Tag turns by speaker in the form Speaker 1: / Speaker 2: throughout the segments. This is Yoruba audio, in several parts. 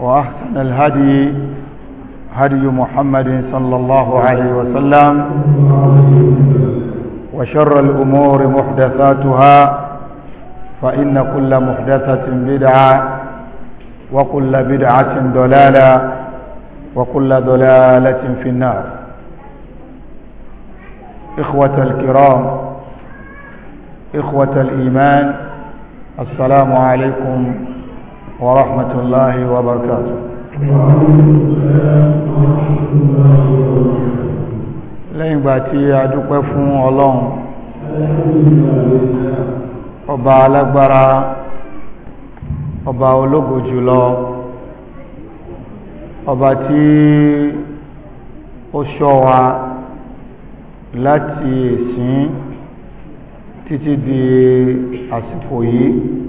Speaker 1: وأحسن الهدي هدي محمد صلى الله عليه وسلم وشر الأمور محدثاتها فإن كل محدثة بدعة وكل بدعة ضلالة وكل ضلالة في النار إخوة الكرام إخوة الإيمان السلام عليكم ورحمة الله وبركاته lẹ́yìn ìgbà tí a dúpẹ́ fún ọlọ́run ọba alágbára ọba ológo jùlọ ọba tí ó láti títí di àsìkò yìí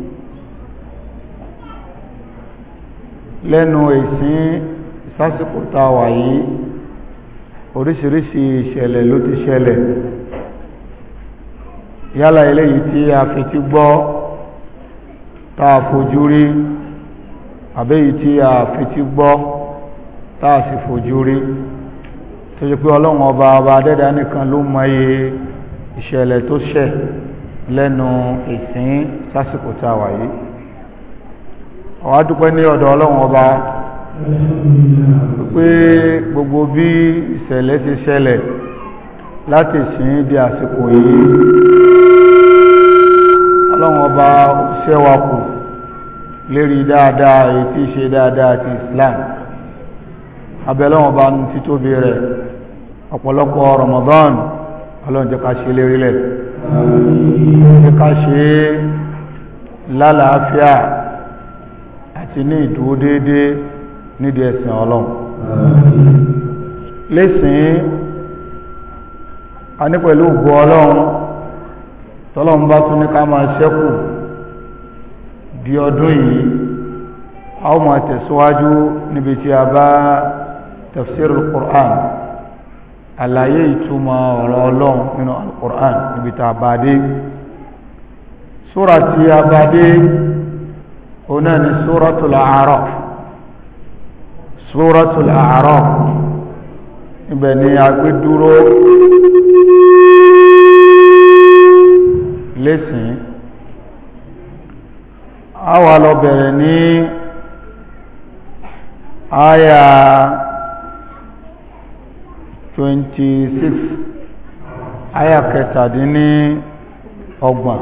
Speaker 1: lẹ́nu ìsìn sásìkò táwà yìí oríṣiríṣi ìṣẹ̀lẹ̀ ló ti ṣẹlẹ̀ yálà eléyìí tí a fi ti gbọ́ tá a fojú rí àbẹ́yìí tí a fi ti gbọ́ tá a sì fojú rí tó ṣe pé ọlọ́run ọba ọba adẹ́dá nìkan ló mọye ìṣẹ̀lẹ̀ tó ṣẹ̀ lẹ́nu ìsìn sásìkò táwà yìí àwa dúpẹ́ ní ọ̀dọ̀ ọlọ́run ọba pé gbogbo bí ìṣẹ̀lẹ̀ ti ṣẹlẹ̀ láti sìn di àsìkò yìí ọlọ́run ọba ṣẹ́wàkù lérí dáadáa èyí tí ṣe dáadáa ti Islam abẹ́lọ́wọ̀n bá ní títóbi rẹ̀ ọ̀pọ̀lọpọ̀ Ramadan ọlọ́run jẹ́ ká ṣe lálàáfíà àti ní ìdúró déédéé nídìí ẹ̀sìn ọlọ́run lẹ́sìn a ní pẹ̀lú ògbó ọlọ́run tọ́lọ́run bá tún ní ká máa ṣẹ́kù di ọdún yìí a ó máa tẹ̀síwájú níbi tí a bá tafsir al àlàyé ìtumọ̀ ọ̀rọ̀ ọlọ́run nínú al níbi tá a bá dé súra tí a bá dé ọ̀nà ni suratul A'raf suratul A'raf ibẹ̀ ni agbẹ́dúró lẹ́sìn a wà lọ bẹ̀rẹ̀ ní àyà 26 àyà kẹtàdínní ọgbọ̀n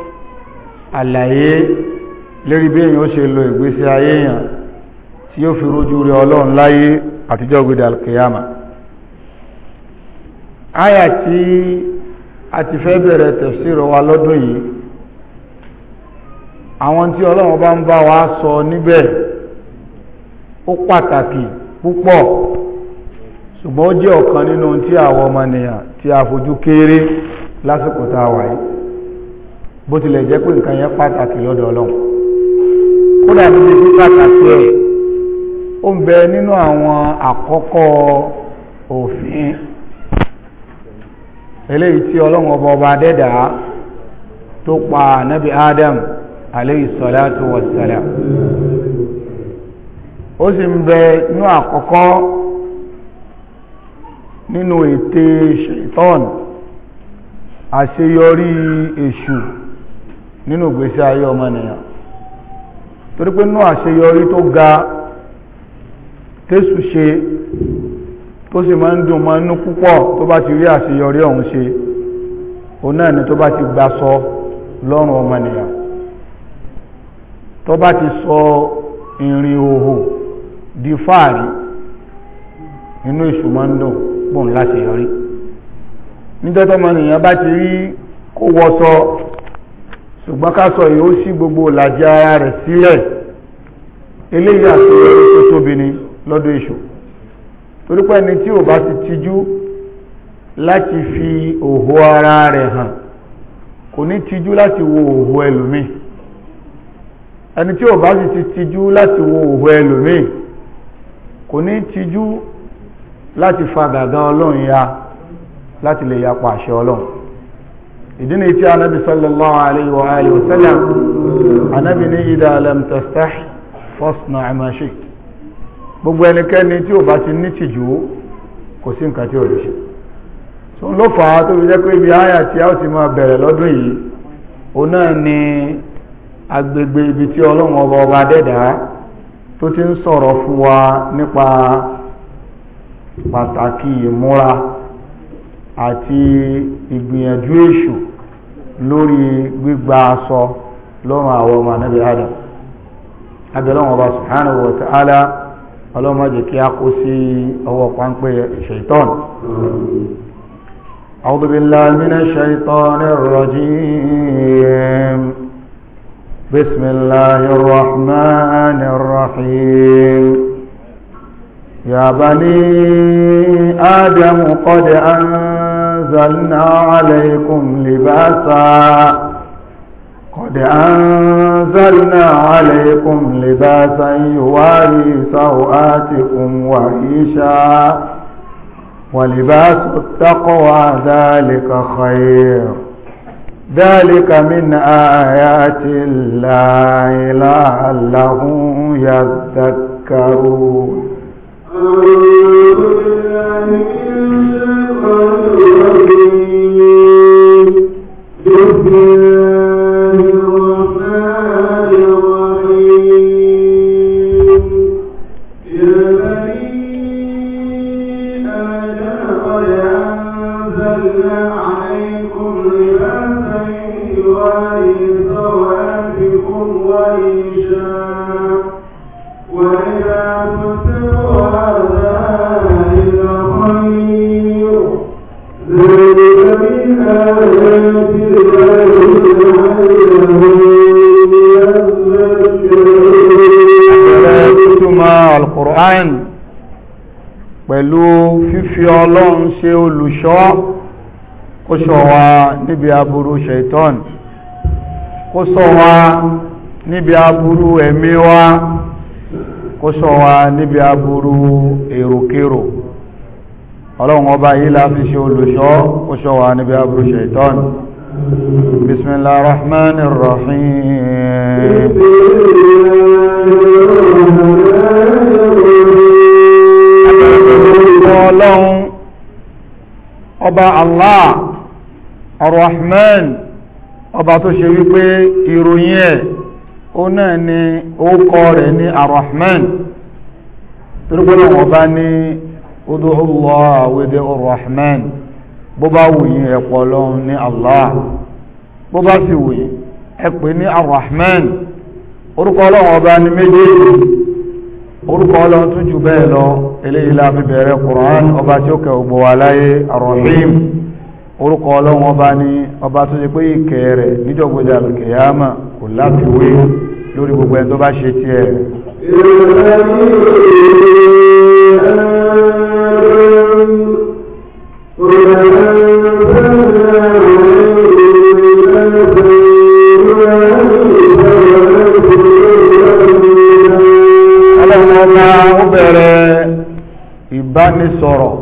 Speaker 1: àlàyé lérí bí èyàn ó ṣe lo ìgbésí ayé èyàn tí yóò fi rójú rí ọlọ́run láyé àtijọ́ gbédà kìyàmà áyà tí a ti fẹ́ bẹ̀rẹ̀ tẹ̀síro wa lọ́dún yìí àwọn tí ọlọ́run bá ń bá wa sọ níbẹ̀ ó pàtàkì púpọ̀ ṣùgbọ́n ó jẹ́ ọ̀kan nínú tí àwọn ọmọnìyàn tí a fojú kéré lásìkò tá a wà yìí bó tilẹ̀ jẹ́ pé nǹkan yẹn pàtàkì lọ́dọ̀ ọlọ́run kódà níbi tí pàtàkì ẹ̀ ó ń bẹ nínú àwọn àkọ́kọ́ òfin eléyìí tí ọlọ́run ọba ọba dẹ́dàá tó pa nabi adam aleyhi salatu wassalam ó sì ń bẹ nínú àkọ́kọ́ nínú ète ṣaitan àṣeyọrí èṣù nínú ìgbésí ayé ọmọnìyàn torí pé nínú àṣeyọrí tó ga tésù ṣe tó sì máa ń dùn mọ́ inú púpọ̀ tó bá ti rí àṣeyọrí ọ̀hún ṣe òun náà ni tó bá ti gba sọ lọ́rùn ọmọnìyàn tó bá ti sọ ìrìn òhò di fáàrí inú èṣù máa ń dùn bóun láṣeyọrí nítorí ọmọnìyàn bá ti rí kó wọ́sọ ṣùgbọ́n ká sọ yìí ó ṣí gbogbo làjẹ́ ara rẹ̀ sílẹ̀ eléyìí àti ẹ̀rọ tó tóbi ni lọ́dọ̀ èṣù torípé ẹni tí ò bá ti tijú láti fi òhò ara rẹ̀ hàn kò ní tijú láti wo òhò ẹlòmíì ẹni tí ò bá sì ti tijú láti wo òhò ẹlòmíì kò ní tijú láti fa gàgán ọlọ́run ya láti lè yapa àṣẹ ọlọ́run ìdí ni tí anábi sallallahu alaihi wa alihi wasallam anábi ní idha lam tastahi fasna' ma shi'ta gbogbo ẹnikẹ́ni tí ò bá ti ní tìjú kò sí nǹkan tí ò lè ṣe tó ń ló fà á tó fi jẹ́ pé ibi àyà tí a ó ti máa bẹ̀rẹ̀ lọ́dún yìí òun náà ni agbègbè ibi tí ọlọ́run ọba ọba dẹ́dàá tó ti ń sọ̀rọ̀ fún wa nípa pàtàkì ìmúra àti ìgbìyànjú èṣù lórí gbígba aṣọ lọ́rùn àwọn ọmọ anábì adam abẹ́lọ́wọ̀n ọba subhanahu wa ta'ala ọlọ́mọ jẹ́ kí a kó sí ọwọ́ pàǹpẹ́ ṣaitan أعوذ بالله من الشيطان الرجيم بسم الله الرحمن الرحيم يا بني آدم قد أنزلنا عليكم لباسا قد أنزلنا عليكم لباسا يواري سوآتكم وريشا ولباس التقوى ذلك خير ذلك من آيات الله لعلهم يذكرون
Speaker 2: أعوذ بالله من الشيطان
Speaker 1: olùṣọ́ kó ṣọ́ wa níbi aburú shaitan kó ṣọ́ wa níbi aburú ẹ̀mí wa kó ṣọ́ wa níbi aburú èròkérò ọlọ́run ọba yìí la fi ṣe olùṣọ́ kó ṣọ́ wa níbi aburú shaitan بسم الله ọlọ́run ọba Allah arrahman ọba tó ṣe wípé ìròyìn ẹ̀ ó náà ni ó kọ́ rẹ̀ ní arrahman torípọ́nà wọn bá ní ud'ullah wede arrahman bó bá wùyìn ẹ̀pọ̀ lọ́hun ní Allah bó bá sì wùyìn ẹ̀pẹ̀ ní arrahman orúkọ ọlọ́run ọba ní méjèèjì orúkọ ọlọ́run tó jù bẹ́ẹ̀ lọ eléyìí la fi bẹ̀rẹ̀ Qur'an ọba tí ó kẹ́ ògbò wà láyé arọ̀hìm orúkọ ọlọ́run ọba ní ọba tó ṣe pé ìkẹ́ rẹ̀ níjọ̀gbọ́jà kìyàmà kò láfiwé lórí gbogbo ẹni tó bá ṣe tiẹ̀ rẹ̀ sọ̀rọ̀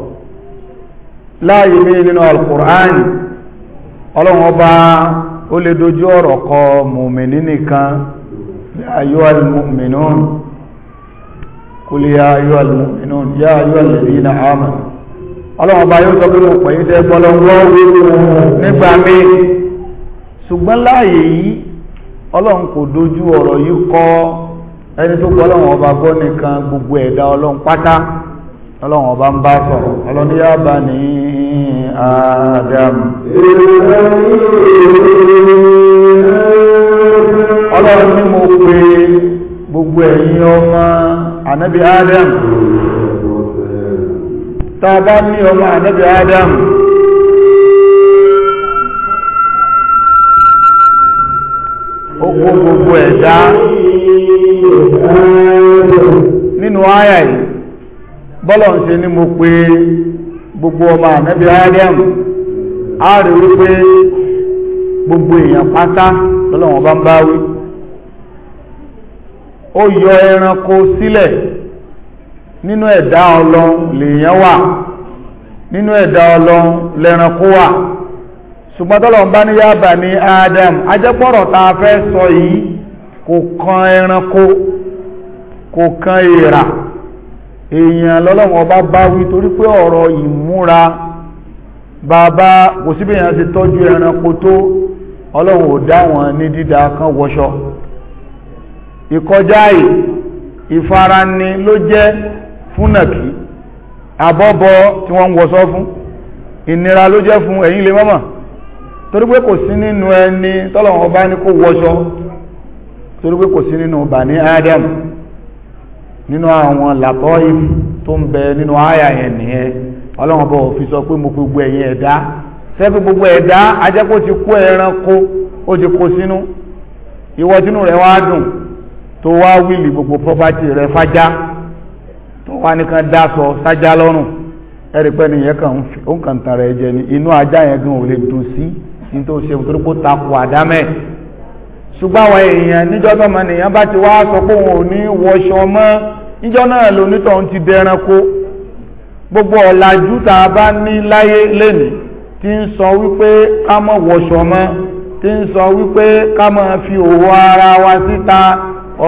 Speaker 1: láàyè mí nínú alukur'an ọlọ́run ọba ó lè dojú ọ̀rọ̀ kọ mùmìnì nìkan ayọ́ ọlọ́run kò dojú ọ̀rọ̀ ẹni tó gbọ́lọ́run ọba gbọ́ nìkan gbogbo ẹ̀dá ọlọ́run ọlọ́run ọba ń bá sọ̀rọ̀ ọlọ́ni yá bá ní Ádámù
Speaker 2: ọlọ́run ní mo pè gbogbo ẹ̀yin
Speaker 1: ọmọ ànábì Ádámù tá bá ní ọmọ ànábì Ádámù
Speaker 2: ó gbogbo ẹ̀dá nínú
Speaker 1: àyà yìí bọ́lọ̀ ṣe ní mo pé gbogbo ọmọ ànábì Adam a rí wípé gbogbo èèyàn pátá lọ́lọ́wọ́n bá ń bá wí yọ ẹranko sílẹ̀ nínú ẹ̀dá ọlọ lèèyàn wà nínú ẹ̀dá Ọlọ́run lẹ́ranko wà ṣùgbọ́n tọ́lọ̀ bá ní ní Adam ajẹ́pọ̀rọ̀ ta fẹ́ sọ yìí kò kan ẹranko kò kan èèrà èèyàn lọ́lọ́wọ́ bá bá wí torí pé ọ̀rọ̀ ìmúra bàbá kò síbí èèyàn ti tọ́jú ẹranko tó ọlọ́run ò dá wọn ní dídá kan wọṣọ ìkọjá yìí ìfarani ló jẹ́ fúnnàkì àbọ́bọ́ tí wọ́n ń wọṣọ fún ìnira ló jẹ́ fún ẹ̀yin lè mọ́mọ̀ torí pé kò sí nínú ẹni tọ́lọ̀wọ́n bá ní kó wọṣọ torí pé kò sí nínú bani Adam nínú àwọn làbọ́yì tó ń bẹ nínú àyà yẹn nìyẹn ọlọ́run bọ̀ fi sọ pé mo gbogbo ẹ̀yin ẹ̀dá sẹ́fí gbogbo ẹ̀dá ajẹ́kó ti kó ẹranko ó ti kó sínú ìwọ tínú rẹ̀ wá dùn tó wá wíìlì gbogbo property rẹ̀ fájá
Speaker 2: tó wá nìkan dá sájá
Speaker 1: lọ́rùn ẹ̀rí pẹ́ nìyẹn kan ń kàn tàn rẹ̀ jẹ ni inú ajá yẹn gan ò lè dùn sí ní ṣe nítorí kó takò àdámẹ́ ṣùgbọ́n àwọn èèyàn níjọ́ tó mọ nìyàn bá ti wá sọ pé òun ò ní wọṣọ mọ́ níjọ́ náà lonítọ̀hún ti dẹranko gbogbo ọ̀làjú tá a bá ní láyé lénìí tí ń sọ wípé ká má wọṣọ mọ́ tí ń sọ wípé ká má fi òwò ara wa síta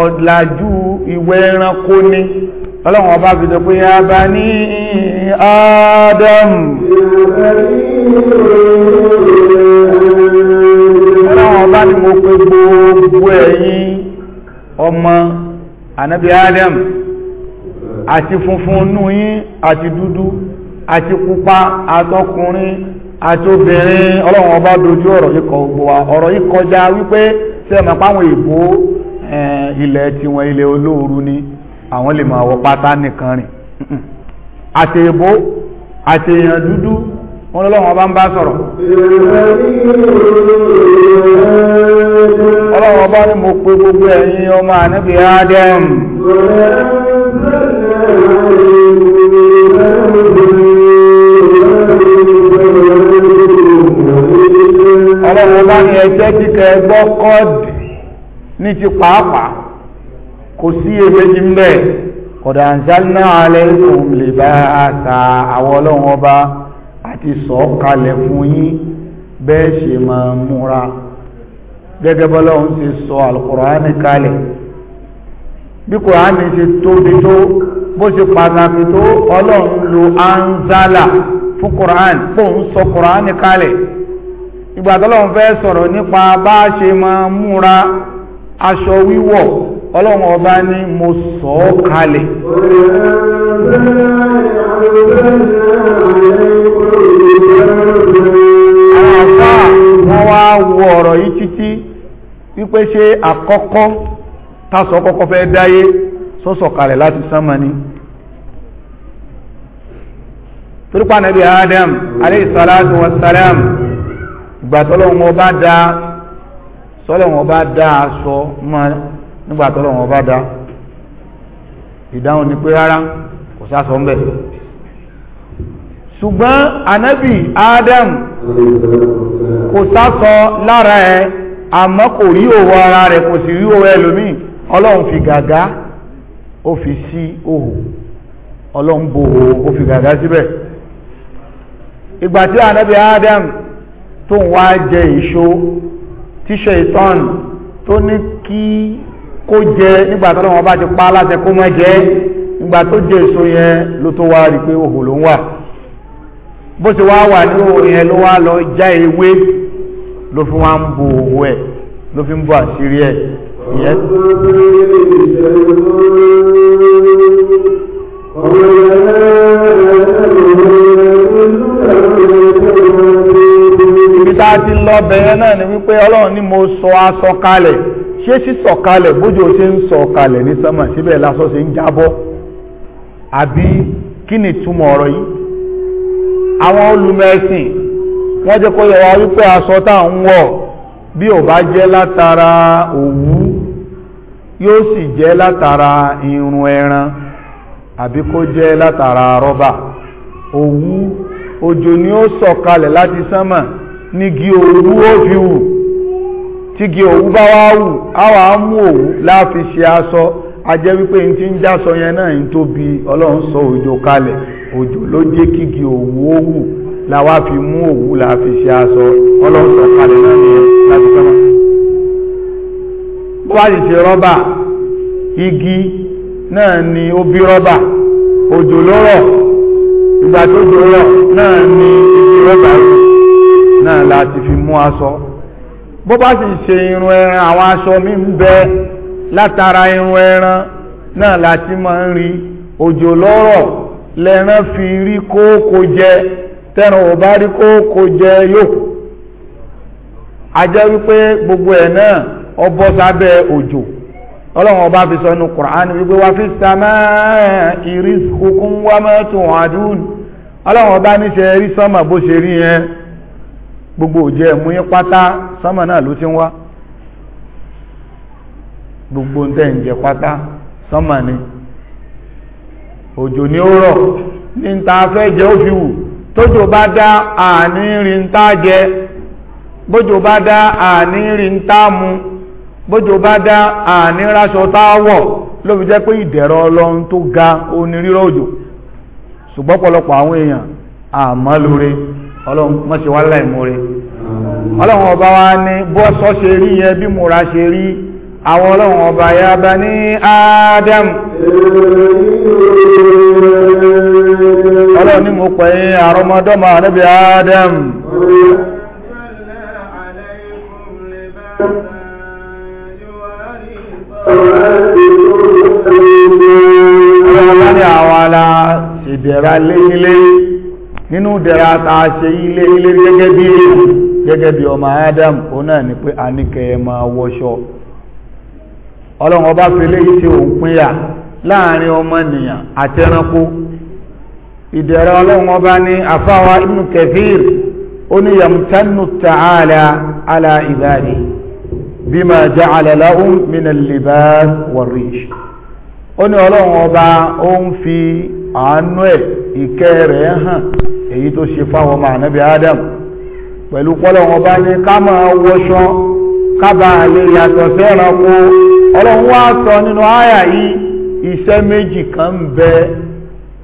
Speaker 1: ọ̀làjú ìwẹ̀ ẹranko ni ọlọ́run ọba fi sọ pé ya bani
Speaker 2: Adam ọlọ́run ọba ni mo pe gbòó gbogbo ẹ̀yin ọmọ
Speaker 1: ànábì Adam àti funfun nú yín àti dúdú àti pupa àtọkùnrin àti obìnrin ọlọ́run ọba dojú ọ̀rọ̀ yìí kọ gbogbo wa ọ̀rọ̀ yìí kọjá wípé sẹ́ẹ̀mọ̀ páwọn èèbó ilẹ̀ tiwọn ilẹ̀ olóoru ni àwọn lè máa wọ pátá nìkan rìn àti èèbó àti èèyàn dúdú wọn lọ́wọ́ bá ń bá sọ̀rọ̀ ọlọ́run ọba ní mo pe gbogbo ẹ̀yin ọmọ ànábì
Speaker 2: Adam ọlọ́run ọba ní ẹjẹ́ kíkẹ́ ẹgbọ́
Speaker 1: kọ́ọ̀dì ní ti pàápàá kò sí èméjì ń bẹ kọ̀dà àǹsánná alẹ́ ìkùn lè bá àṣà àwọn ọlọ́run ọba àti sọ̀ọ́kalẹ̀ fún yín bẹ́ẹ̀ ṣe máa múra gẹ́gẹ́ bọ́lá òun ti sọ alukùránì kalẹ̀ bí kùránì ṣe tóbi tó bó ṣe pàtàkì tó ọlọ́run lo anzala fún kùránì kó ń sọ kùránì kalẹ̀ ìgbà fẹ́ sọ̀rọ̀ nípa bá ṣe ma múra aṣọ wíwọ̀ ọlọ́run ọba mo sọ kalẹ̀ wọ́n wá ọ̀rọ̀ yìí títí wípé ṣe àkọ́kọ́ tásọ kọ́kọ́ fẹ́ dáyé sọ́sọ̀kalẹ̀ láti sánmà ní torípa nàbí adam aleyhisalatu wasalam ìgbàtọ́lọ́wọ́n bá dá sọ́lọ́wọ́n bá dá aṣọ mọ́ nígbàtọ́lọ́wọ́n bá dá ìdáhùn ni pé rárá kò sásọ ń ṣùgbọ́n anábì adam kò sásọ lára ẹ̀ àmọ́ kò rí òwò ara rẹ̀ kò sì rí òwò ẹlòmíì ọlọ́run fi gàgá ó fi sí òhò ọlọ́run bo òhò ó fi gàgá síbẹ̀ ìgbà tí ànábì Adam tó ń wá jẹ èso tíṣe ìtọ́n tó ní kí kó jẹ nígbà tó lọ́wọ́ bá ti pa láti kó mọ́ jẹ nígbà tó jẹ èso yẹn ló tó wá rí pé òhò ló ń wà bó ti wá wà ní òhò yẹn ló wá lọ já ewé ló fi wá ń bo owó ẹ̀ ló fi ń bo àṣírí ẹ̀ ìyẹn.
Speaker 2: ibi tá a ti lọ bẹ̀rẹ̀
Speaker 1: náà ni wípé ọlọ́run ni mo sọ aṣọ kalẹ̀ ṣé sísọ kalẹ̀ bójú ṣe ń sọ kalẹ̀ ní sánmà síbẹ̀ lásọ ṣe ń jábọ́ àbí kí ni túmọ̀ ọ̀rọ̀ yìí àwọn olùmẹ̀sìn wọ́n jẹ́ kó yẹ wá wípé aṣọ ń wọ̀ bí ò bá jẹ́ látara òwú yóò sì jẹ́ látara irun ẹran àbí kó jẹ́ látara rọ́bà òwú òjò ni ó sọ̀kalẹ̀ láti sánmà nígi òwú ó fi wù tígi òwú bá wá wù á wà á mú òwú láàfi ṣe aṣọ a jẹ́ wípé n ti ń jásọ yẹn náà ń tóbi ọlọ́run sọ òjò kalẹ̀ òjò ló jẹ́ kí kígi òwú ó wù la wa fi mú òwú la fi ṣe aṣọ ọlọ́sọ̀ kalẹ̀ náà
Speaker 2: ni láti sọ́mọ́
Speaker 1: bó bá sì ṣe rọ́bà igi náà ni ó bí rọ́bà òjò ló rọ̀ ìgbà tó jò náà ni igi rọ́bà rẹ̀ náà láti fi mú aṣọ bó bá sì ṣe irun ẹran àwọn aṣọ mi ń bẹ látara irun ẹran náà láti máa ń rí òjò lọ́rọ̀ lẹ́ran fi rí kóókó jẹ tẹ́ran ò bá rí kó kò jẹ yóò ajẹ́ wípé gbogbo ẹ̀ náà ọbọ̀ sábẹ́ òjò ọlọ́run ọba fi sọ inú Qur'an wípé wá fi sàmà rizqukum wá mẹ́tùn àdún ọlọ́run ọba ní ṣe rí sọ́mà bó ṣe gbogbo òjò pátá sọ́mà náà ló gbogbo ń ń jẹ pátá sọ́mà ni òjò ó rọ̀ ní tójò bá dá àní rí tá bójò bá dá mu bójò bá dá àní ráṣọ tá wọ̀ ló fi jẹ́ pé ìdẹ̀rọ ọlọ́run tó ga onírírọ̀ òjò ṣùgbọ́n pọ̀lọpọ̀ àwọn èèyàn àmọ́ lóore ọlọ́run ọlọ́run ní mo pè é àrọmọdọ́mọ ànábì Adam láàrin àwọn ala ìdẹ̀ra lénílé nínú ìdẹ̀ra ta ṣe ilé ilé gẹ́gẹ́ bí gẹ́gẹ́ bí ọmọ Adam ó náà ni pé a ní kẹyẹ máa wọṣọ ọlọ́run ọba fi léyìí tí òun pínyà láàrin ọmọ nìyàn àtẹranko ìdẹ̀rẹ̀ ọlọ́run ọba ní àfáwà ibnu kathir ó ní yamtanu ta'ala ala ibadi bima ja'ala lahum min al-libas war-rish ó ní ọlọ́run ọba ó ń fi àánú ẹ̀ ìkẹ́ rẹ̀ hàn èyí tó ṣe fáwọn ọmọ ànábì adam pẹ̀lú pọ́lọ́run ọba ní ká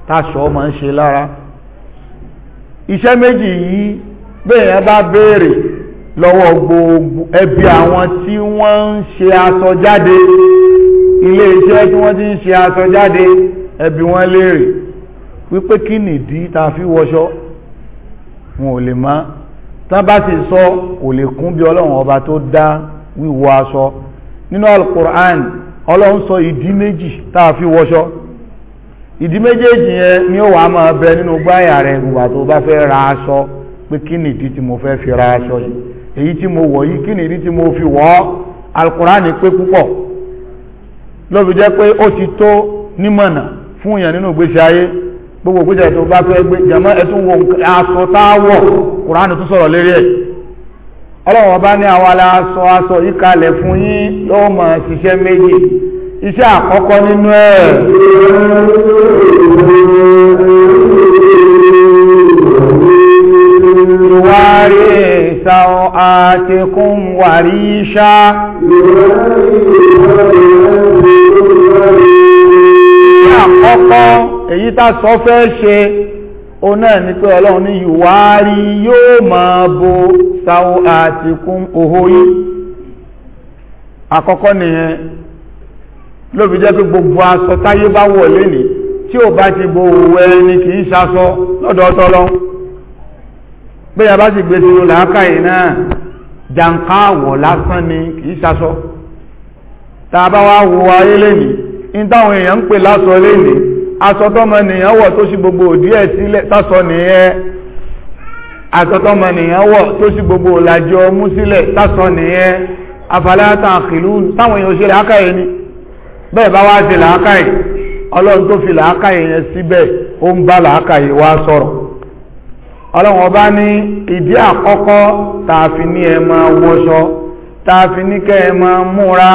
Speaker 1: táṣọ ma ń ṣe lára iṣẹ́ méjì yìí bẹ́ẹ̀ bá béèrè lọ́wọ́ gbogbo ẹbí àwọn tí wọ́n ń ṣe aṣọ jáde ilé iṣẹ́ tí wọ́n ti ń ṣe aṣọ jáde ẹbí wọn léèrè wípé kí nìdí ta fi wọṣọ wọn ò lè má tán bá sì sọ kò lè kún bí ọlọ́run ọba tó dá wíwọ aṣọ nínú alukur'an ọlọ́run sọ ìdí méjì tá a fi wọṣọ ìdí méjèèjì yẹn ni ó wà máa bẹ nínú gbáyà rẹ ìgbà tó bá ra aṣọ pé kí ni ìdí tí mo fẹ́ fi ra aṣọ yìí èyí tí mo wọ̀ yìí kí ni mo fi wọ̀ alukurani pé púpọ̀ ló jẹ́ pé ó ti tó nímọ̀nà fún èèyàn nínú ìgbésí ayé gbogbo ìgbésí ayé tó bá fẹ́ gbé jẹ̀mọ́ ẹ̀tún wo aṣọ tá a wọ̀ kurani ọba ní àwọn aṣọ yìí kalẹ̀ fún yín yóò iṣẹ́ àkọ́kọ́
Speaker 2: nínú ẹ̀ ìwárí ìsáwọ́ àtẹkùn
Speaker 1: wàrí iṣá iṣẹ́ àkọ́kọ́ èyí tá sọ fẹ́ ṣe o náà ní pé ọlọ́run ní ìwárí yóò máa bo sáwọ́ àtẹkùn òhòyí àkọ́kọ́ nìyẹn lóbi jẹ́ pé gbogbo aṣọ táyé bá wọ̀ lẹ́ni tí ò bá ti bo òwò ẹni kì í ṣaṣọ lọ́dọọtọ́ lọ pé yàrá sì gbé sínú làákàyè náà jàǹká àwọ̀ lásán ni kì í ṣaṣọ tá a bá wá wo ayé lẹ́ni ní táwọn èèyàn ń pè láṣọ lẹ́ni aṣọ tọ́mọ nìyàn wọ̀ tó ṣí gbogbo òdí ẹ̀ sílẹ̀ sásọ nìyẹn àtọ́tọ́mọnìyàn wọ̀ tó sí gbogbo òlàjọ mú sílẹ̀ sásọ nìyẹn afalẹ́ àtàkìlú táwọn èèyàn òṣèré ákàyè ni bẹ́ẹ̀ bá wá sí làákàyè ọlọ́run tó fi làákàyè yẹn síbẹ̀ ó ń bá làákàyè wá sọ̀rọ̀ ọlọ́run ọba ní ìdí àkọ́kọ́ tààfi ní ẹ máa wọṣọ tààfi ní kẹ́ ẹ máa múra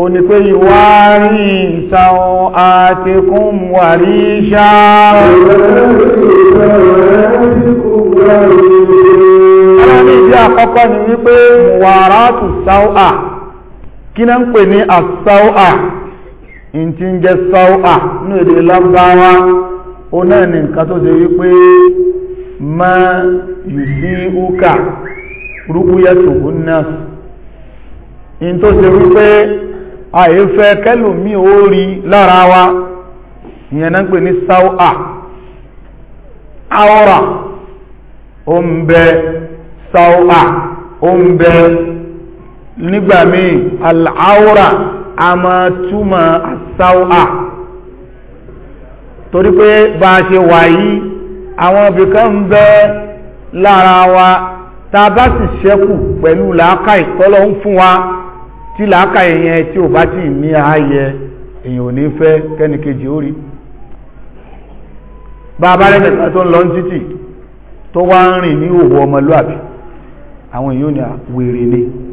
Speaker 1: ó ní pé ìwá rí ìsàwọn àtikún wàrí ṣáà ọlọ́run ìdí àkọ́kọ́ ni wípé wàrátù sáwà kí náà ń pè ní àsáwà ntí ń jẹ́ sáwà ní èdè lábáwá ó náà ní nǹkan tó ṣe wípé má yùsí úkà náà in tó ṣe wípé àìfẹ́ kẹlùmí ó rí lára wa ìyẹn náà pè ní sáwà àwọ̀rà ó ń bẹ sáwà ó ń bẹ a máa túmọ̀ àti sáwà torí pé bá a ṣe wà yìí àwọn ibìkan ń bẹ lára wa tá a bá sì ṣẹ́kù pẹ̀lú làákàyè tọ́lọ́ ń fún wa tí làákàyè yẹn tí ò bá ti ní ààyè èèyàn ò ní fẹ́ kẹ́nìkejì ó bá a bá rẹ̀ tẹ̀sán tó ń lọ títì tó wá ń rìn ní òwò ọmọlúàbí àwọn èèyàn ò ní àwèrè ni. Awe,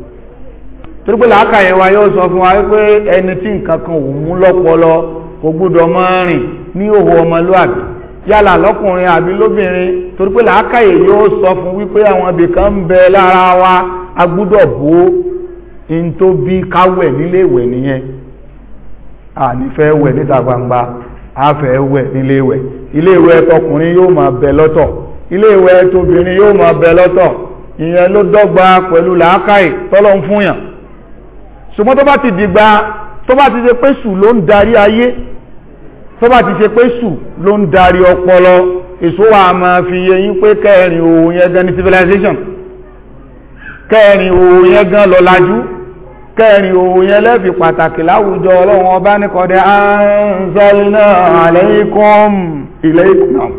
Speaker 1: torípé làákà yẹn wa yóò sọ fún wa pé ẹni tí nǹkan kan ò mú lọ́pọlọ kò gbúdọ̀ máa rìn ní òhò ọmọlúàbí yálà lọ́kùnrin àbí lóbìnrin torípé làákà yẹn yóò sọ fún wípé àwọn ibìkan ń bẹ lára wa a gbúdọ̀ bó in tó bí káwẹ̀ nílé ìwẹ̀ nìyẹn àní fẹ́ wẹ̀ níta gbangba a fẹ́ wẹ̀ nílé ìwẹ̀ ilé yóò máa bẹ lọ́tọ̀ ilé tóbìnrin yóò máa bẹ lọ́tọ̀ ìyẹn ló dọ́gba pẹ̀lú làákàyè tọ́lọ́ ń fúnyàn ṣùgbọ́n tó bá ti dìgbà tó bá ti ṣe pé sù ló ń darí ayé tó bá ti ṣe pé sù ló ń darí ọpọlọ èso wa fi yé pé kẹrin òun yẹn ní civilization kẹrin òun yẹn gan lọ́làjú kẹrin òun yẹn pàtàkì láwùjọ ọlọ́run ọba ní kọ́dẹ̀
Speaker 2: anzalna alaykum ilaykum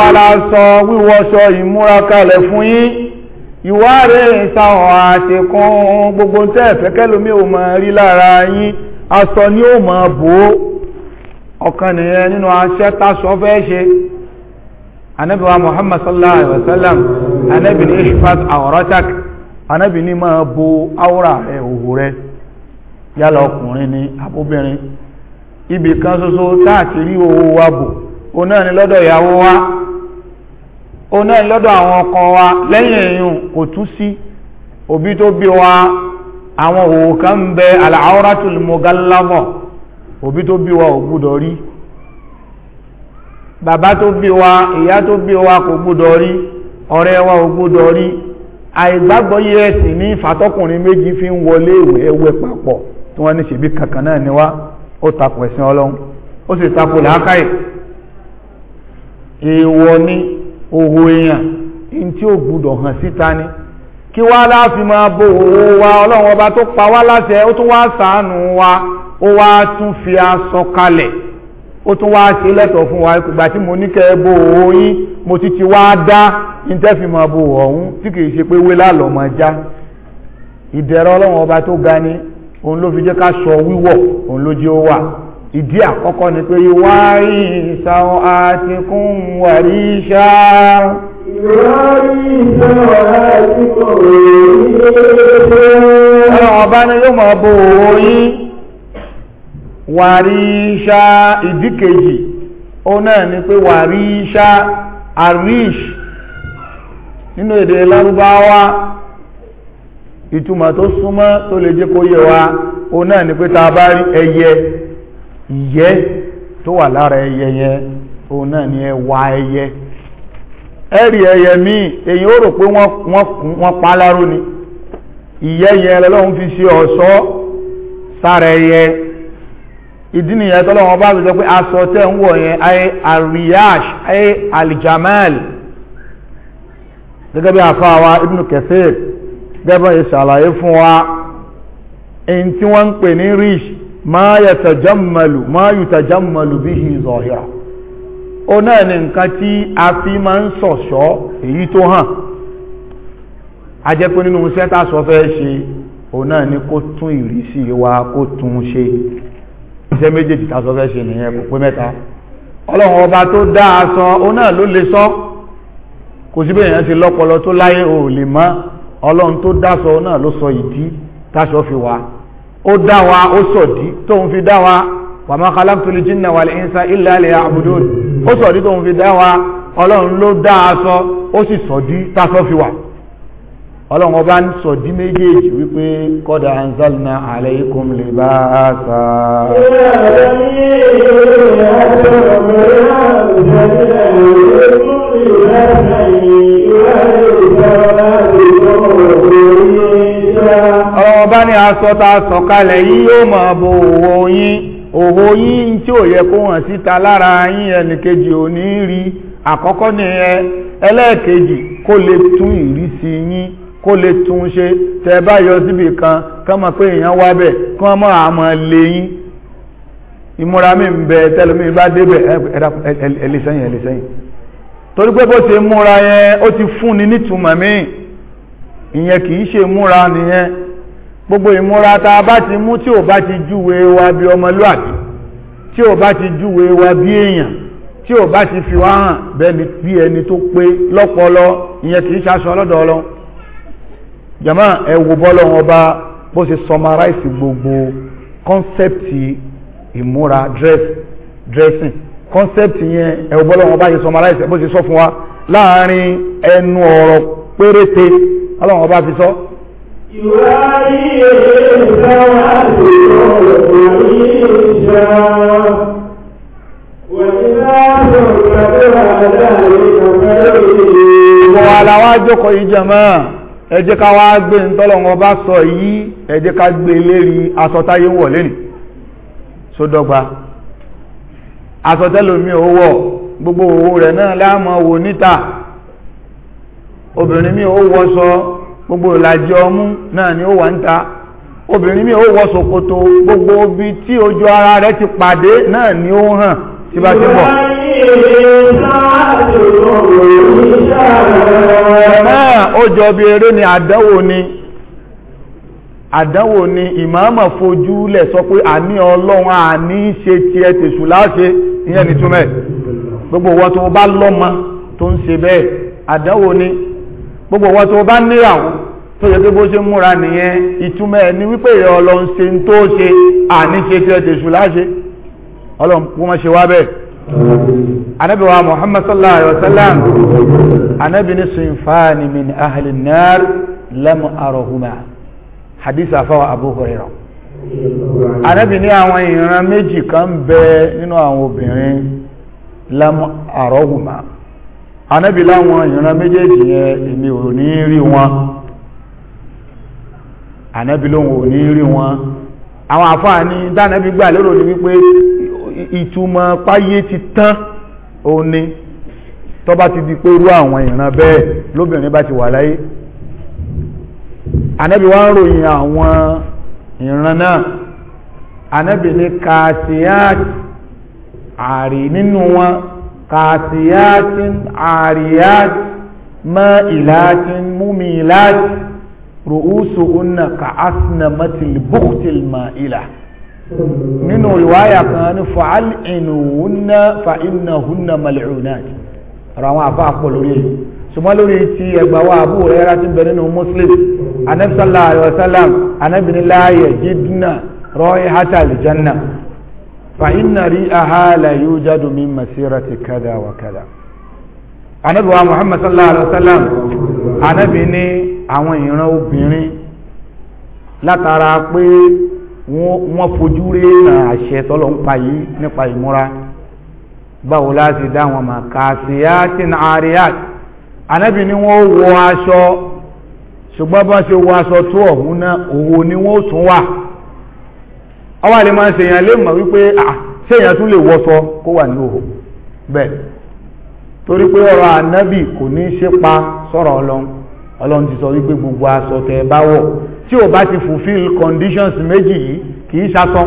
Speaker 2: àwa la sọ
Speaker 1: wíwọṣọ ìmúra kalẹ̀ fún yín ìwáre ìsàwọn àṣekún gbogbo tẹ́ ẹ̀fẹ́kẹ́lómi ò mọ̀ rí lára yín ni ó mọ̀ bò ó ọkàn nìyẹn nínú aṣẹ́ táṣọ fẹ́ ṣe wa sallallahu alaihi wasallam Ànábì ní ishfat awratak Ànábì awra kan soso táàkiri òhò wa bò náà ni lọ́dọ̀ wa òun náà lọ́dọ̀ àwọn ọkọ wa lẹ́yìn èyàn kò tú sí òbí tó bí wa àwọn òwò kan ń bẹ al-awratul mughalladha òbí tó bí wa ò gbúdọ̀ rí bàbá tó bí wa ìyá tó bí wa kò gbúdọ̀ rí ọ̀rẹ́ wa ò gbúdọ̀ rí àìgbàgbọ́ yẹ ní ìfàtọ́kùnrin méjì fi ń wọlé ìwé ẹwẹ́ papọ̀ tí wọ́n ní ṣèbí kankan náà ni wá ó takò ẹ̀sìn ọlọ́run ó sì takò làákàyè èèwọ̀ ni owó èèyàn in tí ó gbúdọ̀ hàn síta ni kí wá láàfin máa bo owó wa ọlọ́run ọba tó pa wá láṣẹ ó tún wá ṣàánú wa ó wá tún fi aṣọ kalẹ̀ ó tún wá ṣe lẹ́tọ̀ fún wa ìgbà tí mo ní kẹ́ bo owó yín mo ti ti wá dá ìtẹ́fì máa bo ọ̀hún tí kìí ṣe pé wélà lọ́ já ìdẹ̀rọ ọlọ́run ọba tó ga ni òun ló fi jẹ́ ká sọ wíwọ̀ òun ló jẹ́ ó wà ìdí àkọ́kọ́ ni pé ìwárí ìsáwọ́ àti kún wàrí ṣá ọba ni yóò mọ̀ oyin ìdí kejì ó náà ni pé wàrí ṣá arish nínú èdè lárúbáwá ìtumọ̀ tó súnmọ́ tó lè jẹ́ kó yé wa ó náà ni pé ta bá rí ìyẹ́ tó wà lára ẹyẹ yẹn òun náà ni ẹwà ẹyẹ ẹ̀rì ẹyẹ mi èyí ó rò pé wọ́n pa láró ni ìyẹ́ yẹn lọ́lọ́run fi ṣe ọ̀ṣọ́ sára ẹyẹ ìdí ya tọ́lọ́wọ́n bá sọ pé aṣọ tẹ́ ń wọ̀ yẹn ayé ariyash ayé aljamal gẹ́gẹ́ bí àfáà wa ibn Kathir gẹ́gẹ́ bí ṣàlàyé fún wa èyí tí wọ́n ń pè ní rich ma yatajammalu ma yutajammalu bihi zahira ó náà ni nǹkan tí a fi máa ń sọ̀ṣọ́ èyí tó hàn a jẹ́ pé nínú iṣẹ́ tá sọ fẹ́ ṣe ó náà ni kó tún ìrísí wa kó tún ṣe iṣẹ́ méjèèjì tá sọ fẹ́ ṣe nìyẹn kò pé mẹ́ta ọlọ́run ọba tó dá a sọ ó náà ló lè sọ kò sí bẹ́ẹ̀ ti lọ́pọlọ tó láyé ò lè mọ̀ ọlọ́run tó dá sọ ó náà ló sọ ìdí táṣọ fi wà ó dá wa ó sọ̀dí tóun fi dá wa wa ma khalaqtul jinna wal insa illa liya'budun ó sọ̀dí tóun fi dá wa ọlọ́run ló dá aṣọ ó sì sọ̀dí tásọ fi wà ọlọ́run ọba ń sọ̀dí méjèèjì wípé qad anzalna alaykum libasa.
Speaker 2: Thank you.
Speaker 1: bá ní aṣọ ta sọ̀kalẹ̀ yìí yóò ma bo òwò yín òwò yín tí ò yẹ kó hàn síta lára yín ẹnìkejì ò ní rí àkọ́kọ́ nìyẹn ẹlẹ́ẹ̀kejì kó lè tún ìrísí yín kó lè tún ṣe tẹ́ bá yọ síbì kan kán mọ̀ pé èèyàn wá bẹ̀ kán mọ̀ àmọ́ lé yín ìmúra mi ń bẹ tẹlẹmí bá débẹ̀ ẹlẹ́sẹ̀yìn ẹlẹ́sẹ̀yìn torí pé bó ṣe múra yẹn ó ti fúnni nítumọ̀ míì ìyẹn kì í ṣe múra nìyẹn gbogbo ìmúra tá a bá ti mú tí ò bá ti júwe wa bí ọmọlúàbí tí ò bá ti júwe wa bí èèyàn tí ò bá ti fi wá hàn bẹ́ẹ̀ni bí ẹni tó pé lọ́pọlọ ìyẹn kì ṣaṣọ ọlọ́dọ̀ jama ẹ bọ́lọ́ wọn bá bó ṣe summarize gbogbo kọ́nsẹ́pìtì ìmúra dress dressing kọ́nsẹ́pìtì yẹn ẹ wo bọ́lọ́ wọn bá ṣe summarize bó ṣe sọ fún wa láàárín ẹnu ọ̀rọ̀ péréte ọlọ́wọ́n bá fi sọ.
Speaker 2: يواري سواد وعيشا وإذا سكت على
Speaker 1: وعلى وجهك يا جماعه ẹ ká wá gbé ń tọ́lọ̀wọ́ bá sọ yìí ẹ ká gbé e lérí asọ̀táyé wọ̀ lẹ́nì sódọ́gba gbogbo owó rẹ̀ náà láàmọ́ wò níta obìnrin mi ó gbogbo ìlàjì ọmú náà ni ó wà ń ta obìnrin mí ò wọ́ gbogbo obi tí ojú ara rẹ̀ ti pàdé náà ni ó hàn tí bá ti bọ̀ bí eré ni àdánwò ni àdánwò ni ìmọ̀ọ́mọ̀ fojú lẹ̀ sọ pé àní ọlọ́run àní ṣe ti ẹ tèṣù ìyẹn ni túmẹ̀ gbogbo wọn tó bá lọ́mọ tó ń ṣe bẹ́ẹ̀ àdánwò ni gbogbo wọn tó bá níyàwó tó yẹ pé bó ṣe múra nìyẹn ìtumọ̀ ẹ̀ ni wípé ìyá ọlọ́run ṣe ń tó ṣe àníṣe tí ẹ ti ṣù láṣe ọlọ́run kó má ṣe wá bẹ́ẹ̀ anabi muhammad sallallahu alaihi wasallam anabi ni sinfani min ahli nar lam arahuma hadith afawa abu hurairah anabi ni àwọn ìran méjì kan bẹ nínú àwọn obìnrin lam arahuma anabi láwọn ìran méjèèjì yẹn èmi ò ní rí wọn ànábì lóhun ò ní rí wọn àwọn àfáàní dánàbí gbà lérò ní wípé ìtumọ̀ páyé ti tán ó ní tó bá ti di pé rú àwọn ìran bẹ́ẹ̀ lóbìnrin bá ti wà láyé ànábì wá ń ròyìn àwọn ìran náà ànábì ní kàṣíyàt àrí nínú wọn kàṣíyàt àríyàt mọ́ ìlàtí múmi ìlàtí ru'usuhunna ka'asnamatil bukhtil ma'ila nínú riwaya kan ní fa'al'inuhunna fa'innahunna mal'unat ara wọn àfa àpọ̀ lórí ẹ̀ ṣùgbọ́n lórí ti ẹgbà wa àbú rẹ̀ rà ti bẹ̀ nínú muslim anabi sallallahu alaihi wasallam anabi ni la yajidna raihata aljanna fa inna ri'aha la yujadu min masirati kada wa kada anabi muhammad sallallahu alaihi wasallam anábì ní àwọn ìran obìnrin látara pé wọ́n fojú rí ìrìn àṣẹ tọ́lọ̀ ń pa yìí nípa ìmúra báwo láti dá wọn mà kàṣíyàtì àríyàtì anábì ní wọ́n wọ aṣọ ṣùgbọ́n bá ṣe wọ aṣọ tó ọ̀hún náà òwò ni wọ́n tún wà ọwọ́ àlè máa ń ṣèyàn lè mọ̀ wípé ṣèyàn tún lè kó wà ní òhò bẹ́ẹ̀ torí pé ọ̀rọ̀ ànábì kò ní ṣe pa sọ̀rọ̀ ọlọ́run ọlọ́run ti sọ wípé gbogbo aṣọ tẹ́ ẹ bá wọ̀ tí ò bá ti fulfill conditions méjì yìí kì í ṣaṣọ.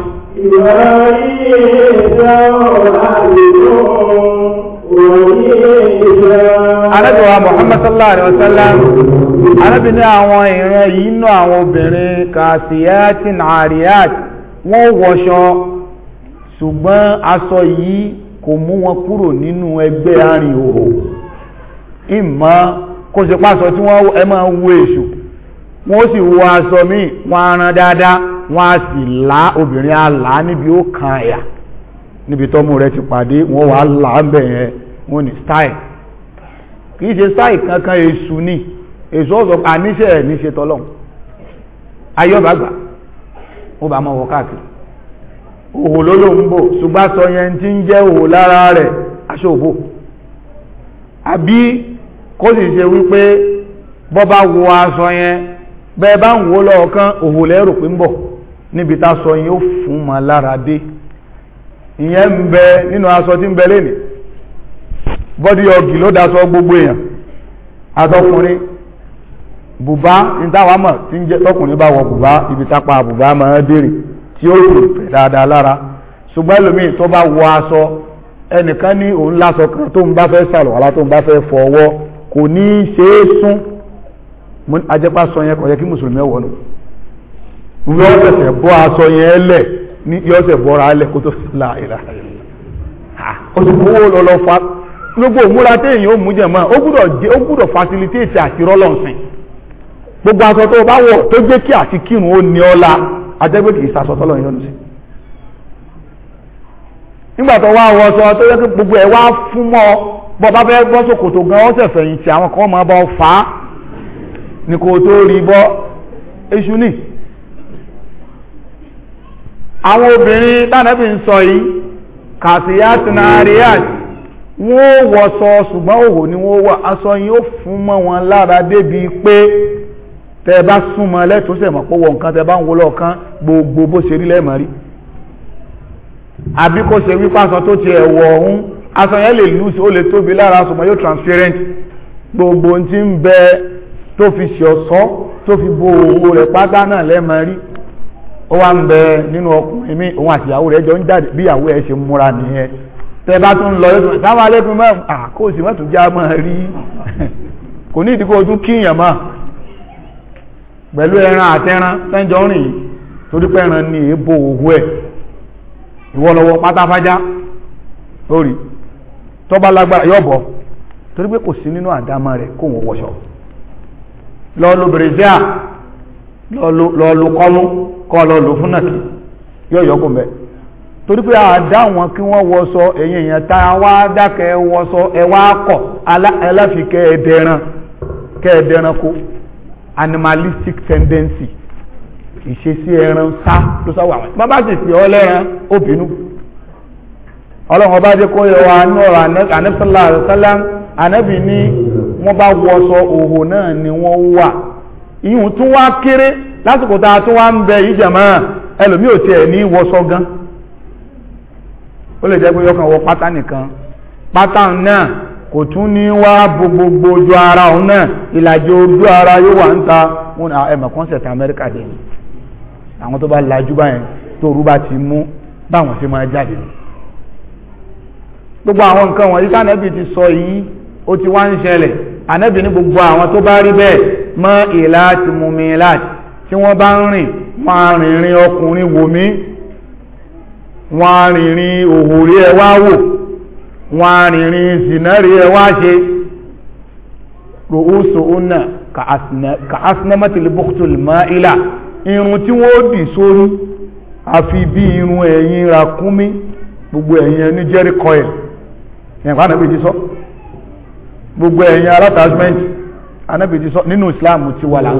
Speaker 2: Ànábì wa Muhammad sallallahu alaihi wasallam
Speaker 1: Ànábì ní àwọn ìran yìí nú àwọn obìnrin kàṣíyàtì àríyàtì wọ́n wọṣọ ṣùgbọ́n aṣọ yìí kò mú wọn kúrò nínú ẹgbẹ́ àárín òhò ìmọ̀ kó ṣe pàṣọ tí wọ́n ẹ máa wo èṣù wọ́n sì wo aṣọ míì wọ́n aran rán dáadáa wọ́n á sì lá obìnrin á là á níbi ó kan àyà níbi tọ́mú rẹ̀ ti pàdé wọ́n wà á là bẹ̀ yẹn wọ́n ní style kì í ṣe style kankan èṣù ni èṣù ọ̀sọ̀ àníṣe ẹ̀ níṣe tọ́lọ́hún ayọ́bàgbà ó bá mọ̀ wọ káàkiri òhò ló ló ń bò ṣùgbọ́n aṣọ yẹn ti ń jẹ́ òhò lára rẹ̀ aṣòbò àbí kó sì ṣe wípé aṣọ yẹn bẹ́ẹ̀ bá ń wò lọ́ọ̀kan òhò lẹ́rù pé ń bọ̀ níbi tá sọ yẹn ó fún ma lára dé ìyẹn ń bẹ gbogbo èèyàn àtọkùnrin bùbá tí ń jẹ́ tọkùnrin bá wọ tí ó rò fẹ̀ dáadáa lára ṣùgbọ́n ẹlòmíì tó bá wọ aṣọ ẹnìkan ní òun láṣọ kan tó ń bá fẹ́ ṣàlùwàlá tó ń bá fẹ́ fọwọ́ kò ní í ṣe é sún ajẹ́pá sọ yẹn kò yẹ kí mùsùlùmí ọ̀wọ́ lọ yóò ṣẹ̀ṣẹ̀ bọ́ aṣọ yẹn lẹ̀ ní yóò bọ́ra lẹ̀ kó tó la ìlà ó ti fa gbogbo òmúra téèyàn ó mú jẹ mọ́ ó gbúdọ̀ jẹ́ facilitate àti rọ́lọ́sìn gbogbo aṣọ tó bá wọ̀ tó jẹ́ kí àti kírun ó ní ọ́ ajẹ́gbé kìí sasọ tọ́lọ̀ yín lónìí sí nígbà wá wọ sọ tó yẹ kí gbogbo ẹ̀ wá fún mọ́ bọ́ bá àwọn kan máa bọ́ fà á ní kò tó rí bọ́ èṣù ni àwọn obìnrin ń sọ yìí wọn lára débi pé tẹ ẹ bá súnmọ́ lẹ́tọ́ sẹ̀mọ̀ pọ̀ wọ nǹkan tẹ bá ń wo lọ́ọ̀kan gbogbo bó ṣe rí lẹ́ẹ̀mọ́ rí àbí kó ṣe wípé aṣọ tó ti ẹ̀wọ̀ ọ̀hún aṣọ yẹn lè lùsì ó lè tóbi lára aṣọ yóò transparent gbogbo ohun tí ń bẹ tó fi ṣe ọ̀ṣọ́ tó fi bo owó rẹ̀ pátá náà lẹ́ẹ̀mọ́ rí ó wá ń bẹ nínú ọkùnrin mi òun àtìyàwó rẹ̀ jọ ń jáde bí ìyàwó ẹ̀ ṣe múra nìyẹn tẹ bá tún lọ yóò tún sáwọn alẹ́kùn mọ́ àkóòsì mọ́tò já mọ́ rí kò ní ìdíkò ojú kíyàn máa pẹ̀lú ẹran àtẹran tẹ́jọ rìn yìí ẹran ní èébò ògùn ẹ̀ ìwọ́lọ́wọ́ pátáfájá lórí tọ́ba lágbára yọ̀bọ̀ torí kò sí nínú àdámọ́ rẹ̀ kó wọ́n wọṣọ lo bèrèsíà Kọlu, lo lo fúnnàkì yóò yọkùn animalistic tendency ìṣesí ẹran sá ló sáwọ àwọn bá sì fi ọ lẹ́ran ó ọlọ́run ọba jẹ́ kó wa ní ọ̀rọ̀ anẹ́sọ́lá àrẹ́sọ́lá anẹ́bì wọ́n bá wọṣọ òhò náà ni wọ́n wà ihun tó wá kéré lásìkò tá a wá ń bẹ ẹlòmí ò tiẹ̀ ní wọṣọ gan ó lè jẹ́ kò tún ní wá gbogbogbò ojú ara òun náà ìlàjì ojú ara yóò wà ń ta wọn ah, ẹ̀mọ̀ concept Amẹ́ríkà dé ní àwọn tó bá lajú báyẹn tóru bá ti mú báwọn ṣe máa jáde gbogbo àwọn nǹkan wọ̀nyí tánẹ́bì ti sọ yìí ó ti wá ń ṣẹlẹ̀ ànẹ́bì ní gbogbo àwọn tó bá rí bẹ́ẹ̀ mọ́ ìlà ti mú mi láti tí wọ́n bá ń rìn wọ́n á rìnrìn ọkùnrin wò mí wọ́n á rìnrìn òhòrí ẹ wá wò wọn arìnrìn ìsìnárí ẹ wá ṣe rùúsù ọ̀nà ka asinamátìlì buktul ma'ila irun tí wọ́n dì sórí àfi bí irun ẹ̀yìn ràkúnmí gbogbo ẹ̀yìn ẹni jerry coil ẹ̀kọ́ ànábì sọ gbogbo ẹ̀yìn alátasmẹ́ntì ànábì sọ nínú Islam ti wà là ń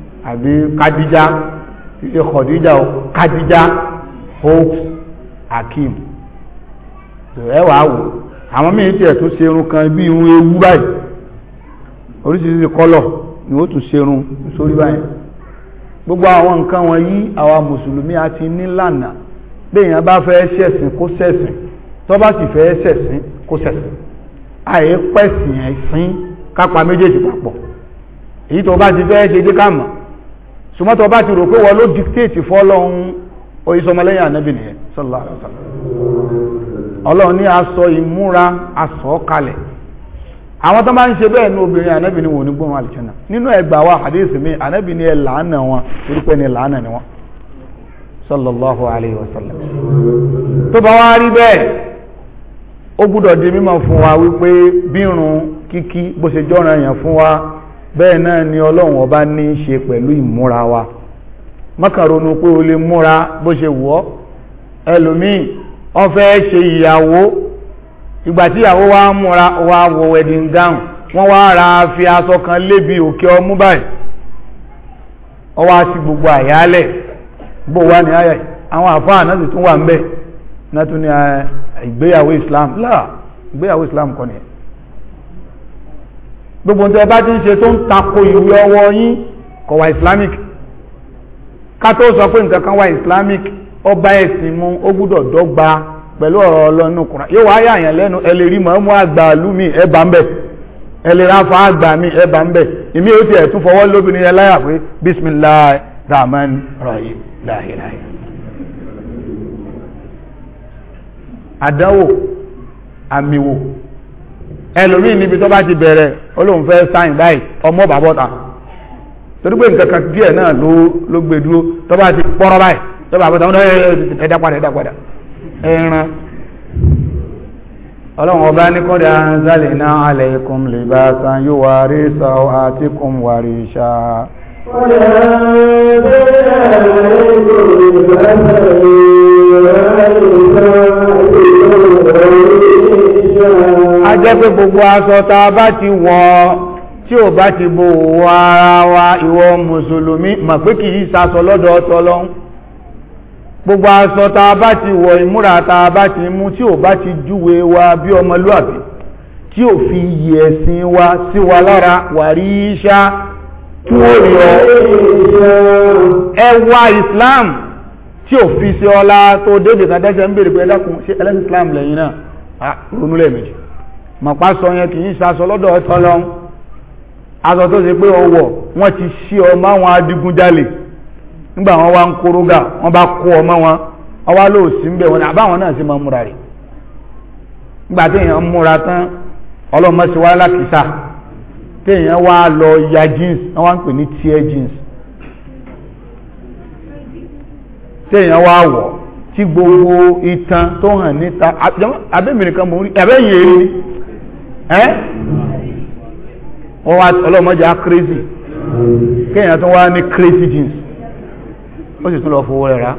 Speaker 1: àbí kadija ilé kọ̀díjà o kadija hope akim ẹ wà á wò àwọn míì tiẹ̀ tún ṣe irun kan bí irun ewu báyìí oríṣiríṣi kọ́lọ̀ ni ó tún ṣe irun sórí báyìí gbogbo àwọn nǹkan wọ̀nyí àwa mùsùlùmí a ti nílànà béèyàn bá fẹ́ ṣẹ̀sìn kó ṣẹ̀sìn tó bá sì fẹ́ ṣẹ̀sìn kó ṣẹ̀sìn àyè pẹ̀sìn ẹ̀sìn kápa méjèèjì papọ̀ èyí tó bá ti fẹ́ ṣe dé ká sùmọ́tọ̀ bá ti rò pé wọ́n ló dictate fọ́lọ́hun orísọmọlẹ́yìn ànábì nìyẹn sallallahu alaihi wasallam ọlọ́run ní aṣọ ìmúra aṣọ kalẹ̀ àwọn tó bá ń ṣe bẹ́ẹ̀ ní obìnrin ànábì ni wọ́n ní gbọ́n alìjẹ́nà nínú ẹgbà wa hadith mi ànábì ni ẹ làánà ni làánà ni wọn alaihi wasallam tó bá wá rí bẹ́ẹ̀ ó gbúdọ̀ di mímọ̀ fún wa wípé bẹ́ẹ̀ náà ni ọlọ́run ọba ní í ṣe pẹ̀lú ìmúra wa mọ́kànrónú pé o lè múra bó ṣe wọ́ ẹlòmíì fẹ́ ṣe ìyàwó ìgbà tí ìyàwó wa múra wa wọ wedding gown wọ́n wá ra fi aṣọ kan lébi òkè ọmú báyìí ó gbogbo àyálẹ̀ gbò wá ní ayẹ̀ àwọn àfáà náà sì tún wà ń bẹ̀ náà tún ní ìgbéyàwó Islam láà ìgbéyàwó Islam kọ́ nìyẹn gbogbo tó bá ti ń ṣe tó ń tako ìwé ọwọ́ yín kò wà islamic ká tó sọ pé nǹkan kan wà islamic ó bá ẹ̀sìn mu ó gbúdọ̀ dọ́gba pẹ̀lú ọ̀rọ̀ ọlọ́nu kùnà yóò wá yà yàn lẹ́nu ẹ lè rí mọ̀ọ́mú àgbà ìlú mi ẹ bá ń bẹ̀ ẹ lè àgbà mi ẹ bá ń bẹ̀ ìmí ó ti ẹ̀tún fọwọ́ lóbìnrin yẹn pé bismillah rahman rahim láhìláhì. àdánwò àmìwò ẹlòmíì níbi tó bá ti bẹ̀rẹ̀ olóhùn fẹ́ sáyìn báyìí ọmọ bàbọ́ta torí pé nǹkan kan díẹ̀ náà ló gbé dúró tó bá ti pọ́rọ́ báyìí tó bá bọ́ta ẹ̀dá padà ẹ̀dá padà ẹran ọlọ́run ọba ní kọ́dà anzalẹ̀ náà alẹ́ ikùn lè bá san yóò wà rí sọ àti kùn wà rí ṣá. a jẹ́ pé gbogbo aṣọ tá a bá ti wọ̀ tí ò bá ti bo ara wa ìwọ mùsùlùmí mà pé kì í lọ́dọ̀ ọtọlọ́hún gbogbo aṣọ tá a bá ti wọ̀ ìmúra tá a bá ti mú tí ò bá ti júwe wa bí ọmọlúàbí tí ò fi yẹ ẹ̀sìn wa sí wa lára wàrí iṣá
Speaker 2: tí ó rí ọ
Speaker 1: ẹwà Islam tí ò fi sí ọlá tó dédé kan ń bèrè pé ẹlẹ́sìn Islam lẹ́yìn náà Ah, ronú méjì mọ̀pá sọ yẹn kì í sasọ lọ́dọ̀ ọ̀tọ́ lọ́hún aṣọ tó ṣe pé ọwọ́ wọ́n ti ṣí ọmọ àwọn adigunjalè nígbà wọn wá ń wọn bá kó ọmọ wọn ọwá lóò sí ń wọn àbáwọn náà máa múra nígbà múra tán sí ya jeans wọn wá ń pè ní tear jeans tí gbogbo ìtàn tó hàn níta abẹ́mìnrin kan mọ̀ orí ẹ̀bẹ́yìn èrè ni ẹ́ wọ́n wá ọlọ́mọdé á crazy kéèyàn tó ní crazy jeans ó sì tún lọ fowó rẹ̀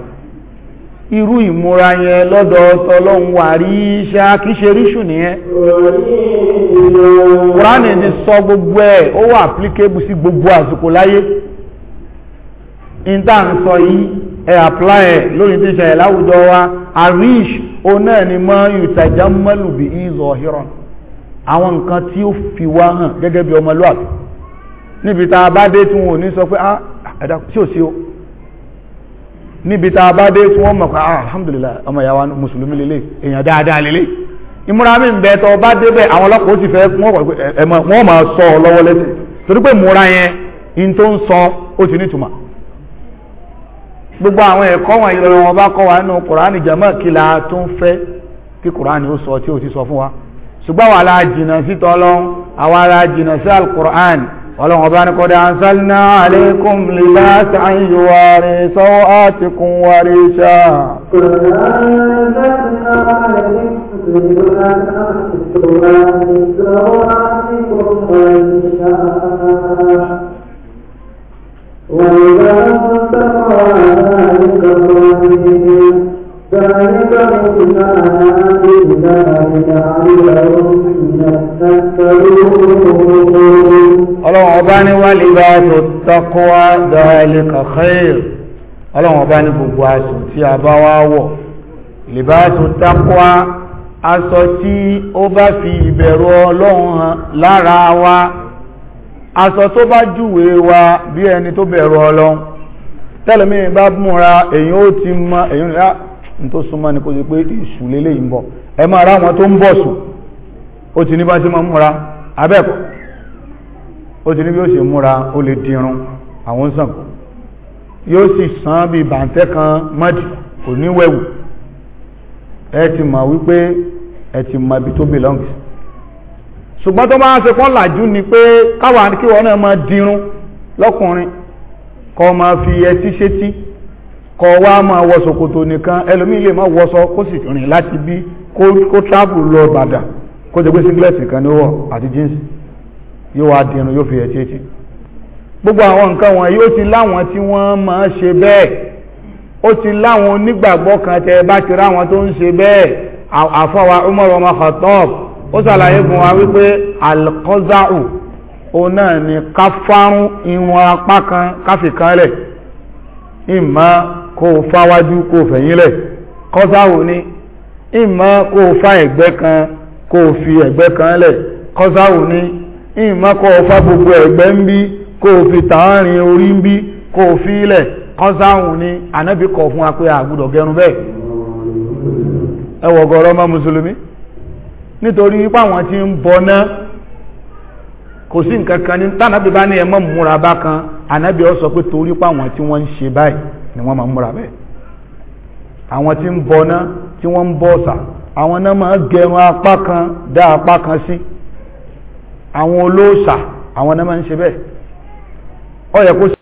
Speaker 1: irú ìmúra yẹn lọ́dọ̀ wà rí iṣẹ́ kìí ríṣù
Speaker 2: nìyẹn
Speaker 1: sọ gbogbo ẹ̀ ó wà applicable sí gbogbo àsìkò láyé ń sọ yìí ẹ apply ẹ̀ lórí tí ṣẹlẹ̀ láwùjọ wa arish o náà ni mọ́ yùtàjá mọ́lùbí ìzọ̀ hìrán àwọn nǹkan tí ó fi wá hàn gẹ́gẹ́ bí ọmọlúwàbí níbi tá bá dé tí wọn ní sọ pé ah ẹ̀dá sí ò sí o níbi tá ah alhamdulillah ọmọ ìyàwó mùsùlùmí lélẹ̀ èèyàn dáadáa lélẹ̀ ìmúra mi ń bẹ tó bá débẹ̀ àwọn ọlọ́pàá ó ti fẹ́ wọ́n máa sọ ọ lọ́wọ́ torí pé ìmúra yẹn in tó ń sọ ó ti nítumọ̀ gbogbo àwọn ẹ̀kọ́ wọn ìlọrin wọn bá kọ́ wa nínú kùránì jẹ́mọ́ kí tó ń fẹ́ kí kùránì ó sọ tí ó ti sọ fún wa ṣùgbọ́n wà láà jìnà sí tọ́lọ́n àwọn ará jìnà sí alkùrán ọlọ́run ọba ní kọ́dá ansalna aleikum lilasi ayu wa sọ́wọ́ àti kun wa ṣá.
Speaker 2: Thank you. ولا تقع ذلك صحيح ذلك من آيات الله لعلهم ọlọ́run ọba ní wà lébá tó tọ́kọ́wá dáálẹ̀ kàkẹ́ẹ̀
Speaker 1: ọlọ́run ọba ní gbogbo aṣọ tí a bá wá wọ̀ lébá tó tọ́kọ́wá aṣọ tí ó bá fi ìbẹ̀rù ọlọ́run lára wa aṣọ tó bá júwèé wa bí ẹni tó bẹ̀rù ọlọ́run tẹ́lẹ̀mí bá múra èyàn ó ti mọ èyàn rá ní ah, tó súnmọ́ ní kó sí pé ìṣù lélẹ̀ ń bọ̀ ẹ máa rá wọn tó ń bọ̀ sùn ó ti ní bá ṣe máa múra abẹ́ẹ̀kọ́ ó ti ní bí ó ṣe múra ó lè dirun àwọn sàn yóò sì san bí bàǹtẹ́ kan mọ́dì kò ní wẹ̀wù ẹ ti mọ̀ wípé ẹ ti mọ ibi tó belongs ṣùgbọ́n tó máa ń ṣe kán làjú ni pé káwa kí wọn náà máa dirun lọ́kùnrin kó máa fi ẹtí ṣétí kó wá máa wọ ṣòkòtò nìkan ẹlòmíì lè má wọṣọ kó sì rìn láti bí kó travel lọ Ìbàdàn kó jẹ́ pé singlet nìkan ni ó wọ̀ àti jeans yóò wá dirun yóò fi ẹtí ẹtí gbogbo àwọn nǹkan wọn yóò ti láwọn tí wọ́n máa ṣe bẹ́ẹ̀ ó ti láwọn onígbàgbọ́ kan tẹ́ bá ti ráwọn tó ń ṣe bẹ́ẹ̀ àfọwà Umar ọmọ Khattab ó ṣàlàyé fún wa wípé alkọ́záù ó náà ni ká fárún irun apá kan káfìkan lẹ̀ ìmọ̀ kó o fáwájú kó o kọ́záù ni ìmọ̀ kó o fá ẹ̀gbẹ́ kan kó o fi ẹ̀gbẹ́ kan lẹ̀ kọ́sáwò ní ìmọ̀ kó o fá gbogbo ẹ̀gbẹ́ ń bí kó o fi tààrin orí ń bí kó fi ilẹ̀ kọ́sáwò ní ànábì kọ̀ fún wa pé bẹ́ẹ̀ ẹwọ̀gọ̀rọ̀ ọmọ mùsùlùmí nítorí wípé àwọn ti ń bọná kò sí nǹkan kan ní tànàbí bá ní ẹmọ́ múra bá kan ànábì ọ sọ pé torí pé àwọn tí wọ́n ń ṣe báyìí ni wọ́n máa ń múra bẹ́ẹ̀ àwọn tí ń bọná tí wọ́n ń bọ̀ọ̀sà àwọn náà máa gẹrun apá kan dá apá kan sí àwọn olóòṣà àwọn náà máa ń ṣe bẹ́ẹ̀